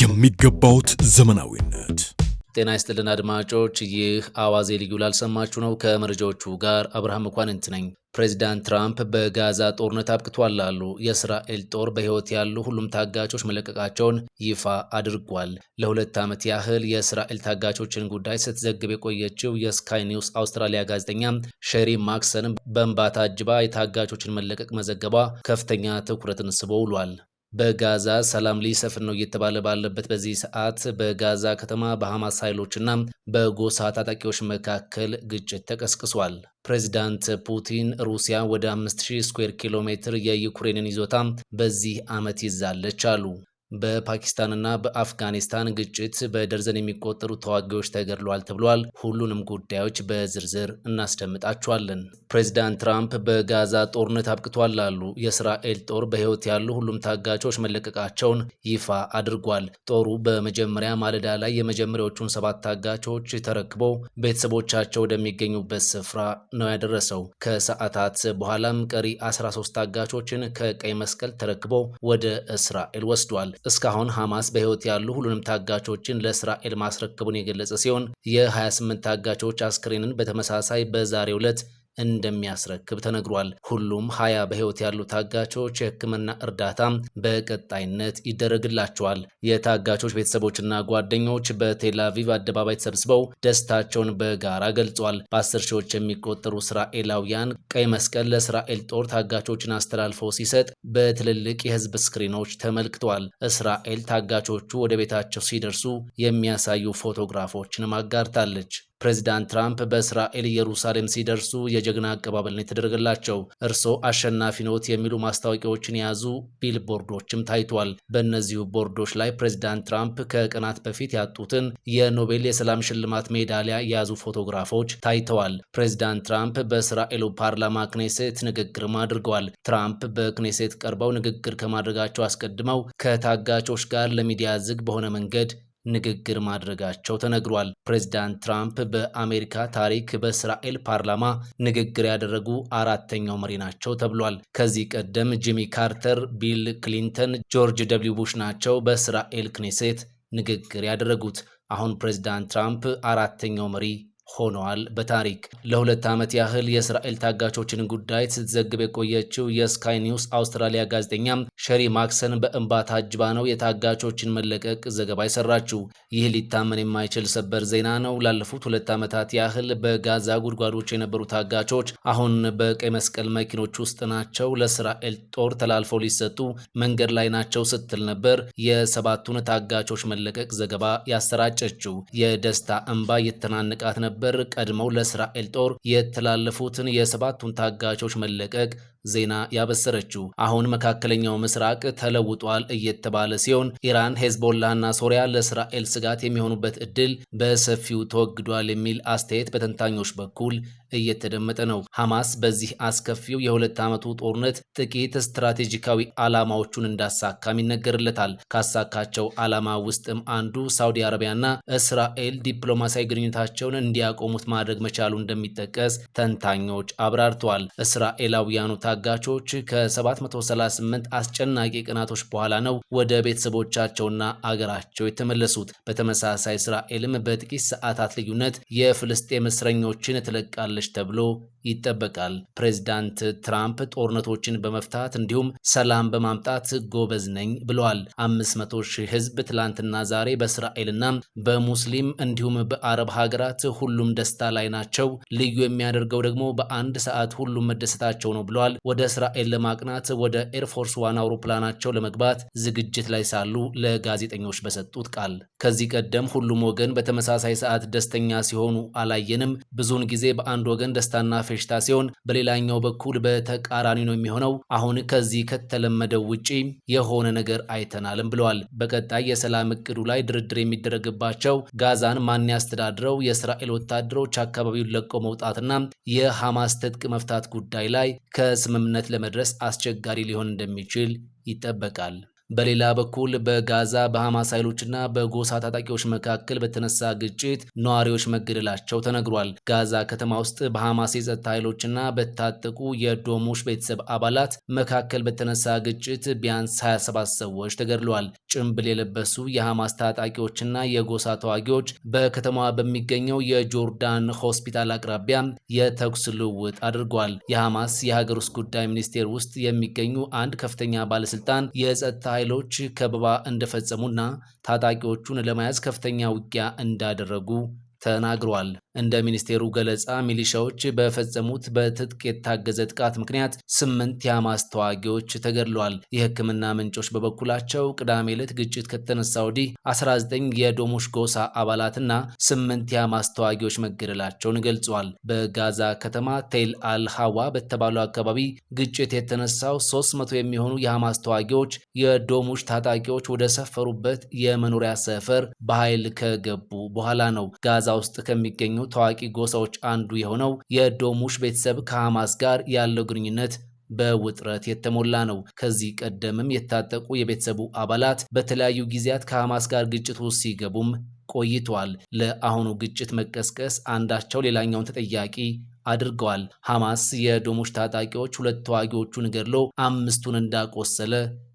የሚገባውት ዘመናዊነት ጤና ይስጥልን አድማጮች፣ ይህ አዋዜ ልዩ ላልሰማችሁ ነው። ከመረጃዎቹ ጋር አብርሃም እኳንንት ነኝ። ፕሬዚዳንት ትራምፕ በጋዛ ጦርነት አብቅቷል አሉ። የእስራኤል ጦር በሕይወት ያሉ ሁሉም ታጋቾች መለቀቃቸውን ይፋ አድርጓል። ለሁለት ዓመት ያህል የእስራኤል ታጋቾችን ጉዳይ ስትዘግብ የቆየችው የስካይ ኒውስ አውስትራሊያ ጋዜጠኛ ሼሪ ማክሰን በእንባ ታጅባ የታጋቾችን መለቀቅ መዘገቧ ከፍተኛ ትኩረትን ስቦ ውሏል። በጋዛ ሰላም ሊሰፍን ነው እየተባለ ባለበት በዚህ ሰዓት በጋዛ ከተማ በሐማስ ኃይሎችና በጎሳ ታጣቂዎች መካከል ግጭት ተቀስቅሷል። ፕሬዚዳንት ፑቲን ሩሲያ ወደ 5000 ስኩዌር ኪሎ ሜትር የዩክሬንን ይዞታ በዚህ ዓመት ይዛለች አሉ። በፓኪስታንና በአፍጋኒስታን ግጭት በደርዘን የሚቆጠሩ ተዋጊዎች ተገድለዋል ተብሏል። ሁሉንም ጉዳዮች በዝርዝር እናስደምጣቸዋለን። ፕሬዚዳንት ትራምፕ በጋዛ ጦርነት አብቅቷል ላሉ የእስራኤል ጦር በሕይወት ያሉ ሁሉም ታጋቾች መለቀቃቸውን ይፋ አድርጓል። ጦሩ በመጀመሪያ ማለዳ ላይ የመጀመሪያዎቹን ሰባት ታጋቾች ተረክቦ ቤተሰቦቻቸው ወደሚገኙበት ስፍራ ነው ያደረሰው። ከሰዓታት በኋላም ቀሪ 13 ታጋቾችን ከቀይ መስቀል ተረክቦ ወደ እስራኤል ወስዷል። እስካሁን ሐማስ በሕይወት ያሉ ሁሉንም ታጋቾችን ለእስራኤል ማስረከቡን የገለጸ ሲሆን የ28 ታጋቾች አስክሬንን በተመሳሳይ በዛሬ ዕለት እንደሚያስረክብ ተነግሯል። ሁሉም ሀያ በሕይወት ያሉ ታጋቾች የሕክምና እርዳታ በቀጣይነት ይደረግላቸዋል። የታጋቾች ቤተሰቦችና ጓደኞች በቴላቪቭ አደባባይ ተሰብስበው ደስታቸውን በጋራ ገልጿል። በአስር ሺዎች የሚቆጠሩ እስራኤላውያን ቀይ መስቀል ለእስራኤል ጦር ታጋቾችን አስተላልፈው ሲሰጥ በትልልቅ የህዝብ ስክሪኖች ተመልክቷል። እስራኤል ታጋቾቹ ወደ ቤታቸው ሲደርሱ የሚያሳዩ ፎቶግራፎችንም አጋርታለች። ፕሬዚዳንት ትራምፕ በእስራኤል ኢየሩሳሌም ሲደርሱ የጀግና አቀባበል ነው የተደረገላቸው። እርሶ አሸናፊ ነዎት የሚሉ ማስታወቂያዎችን የያዙ ቢል ቦርዶችም ታይቷል። በእነዚሁ ቦርዶች ላይ ፕሬዚዳንት ትራምፕ ከቀናት በፊት ያጡትን የኖቤል የሰላም ሽልማት ሜዳሊያ የያዙ ፎቶግራፎች ታይተዋል። ፕሬዚዳንት ትራምፕ በእስራኤሉ ፓርላማ ክኔሴት ንግግርም አድርገዋል። ትራምፕ በክኔሴት ቀርበው ንግግር ከማድረጋቸው አስቀድመው ከታጋቾች ጋር ለሚዲያ ዝግ በሆነ መንገድ ንግግር ማድረጋቸው ተነግሯል። ፕሬዚዳንት ትራምፕ በአሜሪካ ታሪክ በእስራኤል ፓርላማ ንግግር ያደረጉ አራተኛው መሪ ናቸው ተብሏል። ከዚህ ቀደም ጂሚ ካርተር፣ ቢል ክሊንተን፣ ጆርጅ ደብሊው ቡሽ ናቸው በእስራኤል ክኔሴት ንግግር ያደረጉት። አሁን ፕሬዚዳንት ትራምፕ አራተኛው መሪ ሆነዋል። በታሪክ ለሁለት ዓመት ያህል የእስራኤል ታጋቾችን ጉዳይ ስትዘግብ የቆየችው የስካይ ኒውስ አውስትራሊያ ጋዜጠኛ ሸሪ ማክሰን በእንባ ታጅባ ነው የታጋቾችን መለቀቅ ዘገባ የሰራችው። ይህ ሊታመን የማይችል ሰበር ዜና ነው። ላለፉት ሁለት ዓመታት ያህል በጋዛ ጉድጓዶች የነበሩ ታጋቾች አሁን በቀይ መስቀል መኪኖች ውስጥ ናቸው፣ ለእስራኤል ጦር ተላልፈው ሊሰጡ መንገድ ላይ ናቸው ስትል ነበር የሰባቱን ታጋቾች መለቀቅ ዘገባ ያሰራጨችው። የደስታ እንባ የተናነቃት ነበር ነበር ቀድመው ለእስራኤል ጦር የተላለፉትን የሰባቱን ታጋቾች መለቀቅ ዜና ያበሰረችው። አሁን መካከለኛው ምስራቅ ተለውጧል እየተባለ ሲሆን ኢራን፣ ሄዝቦላና ሶሪያ ለእስራኤል ስጋት የሚሆኑበት እድል በሰፊው ተወግዷል የሚል አስተያየት በተንታኞች በኩል እየተደመጠ ነው። ሐማስ በዚህ አስከፊው የሁለት ዓመቱ ጦርነት ጥቂት ስትራቴጂካዊ ዓላማዎቹን እንዳሳካም ይነገርለታል። ካሳካቸው ዓላማ ውስጥም አንዱ ሳውዲ አረቢያና እስራኤል ዲፕሎማሲያዊ ግንኙነታቸውን እንዲያ እንዲያቆሙት ማድረግ መቻሉ እንደሚጠቀስ ተንታኞች አብራርተዋል። እስራኤላውያኑ ታጋቾች ከ738 አስጨናቂ ቀናቶች በኋላ ነው ወደ ቤተሰቦቻቸውና አገራቸው የተመለሱት። በተመሳሳይ እስራኤልም በጥቂት ሰዓታት ልዩነት የፍልስጤም እስረኞችን ትለቃለች ተብሎ ይጠበቃል። ፕሬዚዳንት ትራምፕ ጦርነቶችን በመፍታት እንዲሁም ሰላም በማምጣት ጎበዝ ነኝ ብለዋል። አምስት መቶ ሺህ ህዝብ ትላንትና ዛሬ በእስራኤልና በሙስሊም እንዲሁም በአረብ ሀገራት ሁሉም ደስታ ላይ ናቸው። ልዩ የሚያደርገው ደግሞ በአንድ ሰዓት ሁሉም መደሰታቸው ነው ብለዋል። ወደ እስራኤል ለማቅናት ወደ ኤርፎርስ ዋን አውሮፕላናቸው ለመግባት ዝግጅት ላይ ሳሉ ለጋዜጠኞች በሰጡት ቃል ከዚህ ቀደም ሁሉም ወገን በተመሳሳይ ሰዓት ደስተኛ ሲሆኑ አላየንም። ብዙውን ጊዜ በአንድ ወገን ደስታና ፌሽታ ሲሆን፣ በሌላኛው በኩል በተቃራኒ ነው የሚሆነው። አሁን ከዚህ ከተለመደው ውጪ የሆነ ነገር አይተናልም ብለዋል። በቀጣይ የሰላም እቅዱ ላይ ድርድር የሚደረግባቸው ጋዛን ማን ያስተዳድረው፣ የእስራኤል ወታደሮች አካባቢውን ለቀው መውጣትና የሐማስ ትጥቅ መፍታት ጉዳይ ላይ ከስምምነት ለመድረስ አስቸጋሪ ሊሆን እንደሚችል ይጠበቃል። በሌላ በኩል በጋዛ በሐማስ ኃይሎችና በጎሳ ታጣቂዎች መካከል በተነሳ ግጭት ነዋሪዎች መገደላቸው ተነግሯል። ጋዛ ከተማ ውስጥ በሐማስ የጸጥታ ኃይሎችና በታጠቁ የዶሞሽ ቤተሰብ አባላት መካከል በተነሳ ግጭት ቢያንስ 27 ሰዎች ተገድለዋል። ጭምብል የለበሱ የሐማስ ታጣቂዎችና የጎሳ ተዋጊዎች በከተማዋ በሚገኘው የጆርዳን ሆስፒታል አቅራቢያ የተኩስ ልውውጥ አድርጓል። የሐማስ የሀገር ውስጥ ጉዳይ ሚኒስቴር ውስጥ የሚገኙ አንድ ከፍተኛ ባለስልጣን የጸጥታ ኃይሎች ከበባ እንደፈጸሙና ታጣቂዎቹን ለመያዝ ከፍተኛ ውጊያ እንዳደረጉ ተናግሯል። እንደ ሚኒስቴሩ ገለጻ ሚሊሻዎች በፈጸሙት በትጥቅ የታገዘ ጥቃት ምክንያት ስምንት የሐማስ ተዋጊዎች ተገድለዋል። የሕክምና ምንጮች በበኩላቸው ቅዳሜ ዕለት ግጭት ከተነሳ ወዲህ 19 የዶሞሽ ጎሳ አባላትና ስምንት የሐማስ ተዋጊዎች መገደላቸውን ገልጿል። በጋዛ ከተማ ቴል አልሃዋ በተባለው አካባቢ ግጭት የተነሳው 300 የሚሆኑ የሐማስ ተዋጊዎች የዶሙሽ ታጣቂዎች ወደ ሰፈሩበት የመኖሪያ ሰፈር በኃይል ከገቡ በኋላ ነው። ጋዛ ውስጥ ከሚገኙ ከተሰኙ ታዋቂ ጎሳዎች አንዱ የሆነው የዶሙሽ ቤተሰብ ከሐማስ ጋር ያለው ግንኙነት በውጥረት የተሞላ ነው። ከዚህ ቀደምም የታጠቁ የቤተሰቡ አባላት በተለያዩ ጊዜያት ከሐማስ ጋር ግጭት ውስጥ ሲገቡም ቆይተዋል። ለአሁኑ ግጭት መቀስቀስ አንዳቸው ሌላኛውን ተጠያቂ አድርገዋል። ሐማስ የዶሙሽ ታጣቂዎች ሁለት ተዋጊዎቹን ገድሎ አምስቱን እንዳቆሰለ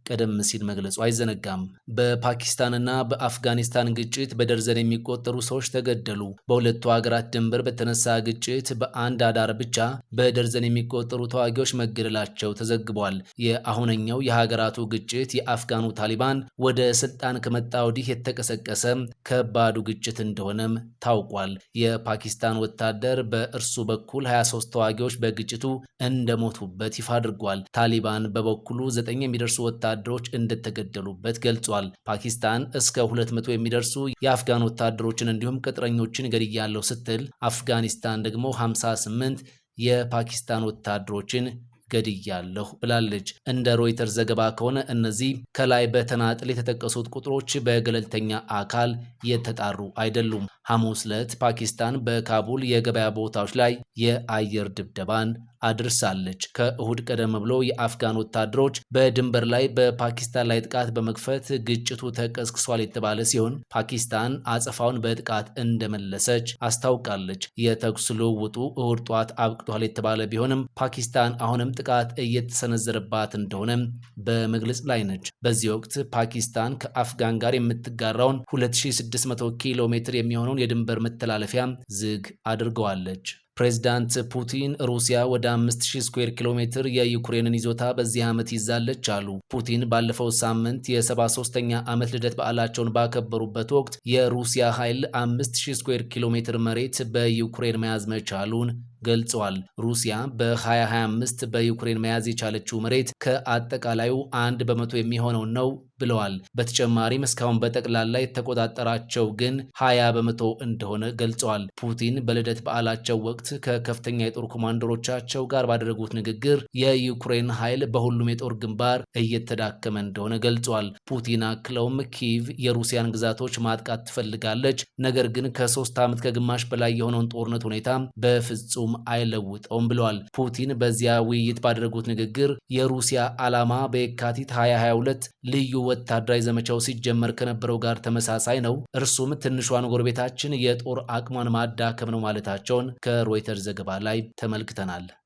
ቀደም ሲል መግለጹ አይዘነጋም። በፓኪስታንና በአፍጋኒስታን ግጭት በደርዘን የሚቆጠሩ ሰዎች ተገደሉ። በሁለቱ ሀገራት ድንበር በተነሳ ግጭት በአንድ አዳር ብቻ በደርዘን የሚቆጠሩ ተዋጊዎች መገደላቸው ተዘግቧል። የአሁነኛው የሀገራቱ ግጭት የአፍጋኑ ታሊባን ወደ ስልጣን ከመጣ ወዲህ የተቀሰቀሰ ከባዱ ግጭት እንደሆነም ታውቋል። የፓኪስታን ወታደር በእርሱ በኩል 23 ተዋጊዎች በግጭቱ እንደሞቱበት ይፋ አድርጓል። ታሊባን በበኩሉ ዘጠኝ የሚደርሱ ወታደ ወታደሮች እንደተገደሉበት ገልጿል። ፓኪስታን እስከ 200 የሚደርሱ የአፍጋን ወታደሮችን እንዲሁም ቅጥረኞችን ገድያለሁ ስትል አፍጋኒስታን ደግሞ 58 የፓኪስታን ወታደሮችን ገድያለሁ ብላለች። እንደ ሮይተርስ ዘገባ ከሆነ እነዚህ ከላይ በተናጥል የተጠቀሱት ቁጥሮች በገለልተኛ አካል የተጣሩ አይደሉም። ሐሙስ ዕለት ፓኪስታን በካቡል የገበያ ቦታዎች ላይ የአየር ድብደባን አድርሳለች። ከእሁድ ቀደም ብሎ የአፍጋን ወታደሮች በድንበር ላይ በፓኪስታን ላይ ጥቃት በመክፈት ግጭቱ ተቀስቅሷል የተባለ ሲሆን ፓኪስታን አጸፋውን በጥቃት እንደመለሰች አስታውቃለች። የተኩስ ልውውጡ እሁድ ጠዋት አብቅቷል የተባለ ቢሆንም ፓኪስታን አሁንም ጥቃት እየተሰነዘረባት እንደሆነ በመግለጽ ላይ ነች። በዚህ ወቅት ፓኪስታን ከአፍጋን ጋር የምትጋራውን 2600 ኪሎ ሜትር የሚሆነውን የድንበር መተላለፊያ ዝግ አድርገዋለች። ፕሬዚዳንት ፑቲን ሩሲያ ወደ 5000 ስኩዌር ኪሎ ሜትር የዩክሬንን ይዞታ በዚህ ዓመት ይዛለች አሉ። ፑቲን ባለፈው ሳምንት የ73ኛ ዓመት ልደት በዓላቸውን ባከበሩበት ወቅት የሩሲያ ኃይል 5000 ስኩዌር ኪሎ ሜትር መሬት በዩክሬን መያዝ መቻሉን ገልጸዋል። ሩሲያ በ2025 በዩክሬን መያዝ የቻለችው መሬት ከአጠቃላዩ አንድ በመቶ የሚሆነውን ነው ብለዋል። በተጨማሪም እስካሁን በጠቅላላ የተቆጣጠራቸው ግን 20 በመቶ እንደሆነ ገልጸዋል። ፑቲን በልደት በዓላቸው ወቅት ከከፍተኛ የጦር ኮማንደሮቻቸው ጋር ባደረጉት ንግግር የዩክሬን ኃይል በሁሉም የጦር ግንባር እየተዳከመ እንደሆነ ገልጿል። ፑቲን አክለውም ኪቭ የሩሲያን ግዛቶች ማጥቃት ትፈልጋለች፣ ነገር ግን ከሶስት ዓመት ከግማሽ በላይ የሆነውን ጦርነት ሁኔታ በፍጹም አይለውጠውም ብለዋል። ፑቲን በዚያ ውይይት ባደረጉት ንግግር የሩሲያ ዓላማ በየካቲት 2022 ልዩ ወታደራዊ ዘመቻው ሲጀመር ከነበረው ጋር ተመሳሳይ ነው፣ እርሱም ትንሿን ጎረቤታችን የጦር አቅሟን ማዳከም ነው ማለታቸውን ከሮይተርስ ዘገባ ላይ ተመልክተናል።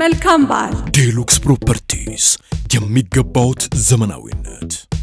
መልካም በዓል። ዴሉክስ ፕሮፐርቲስ የሚገባውት ዘመናዊነት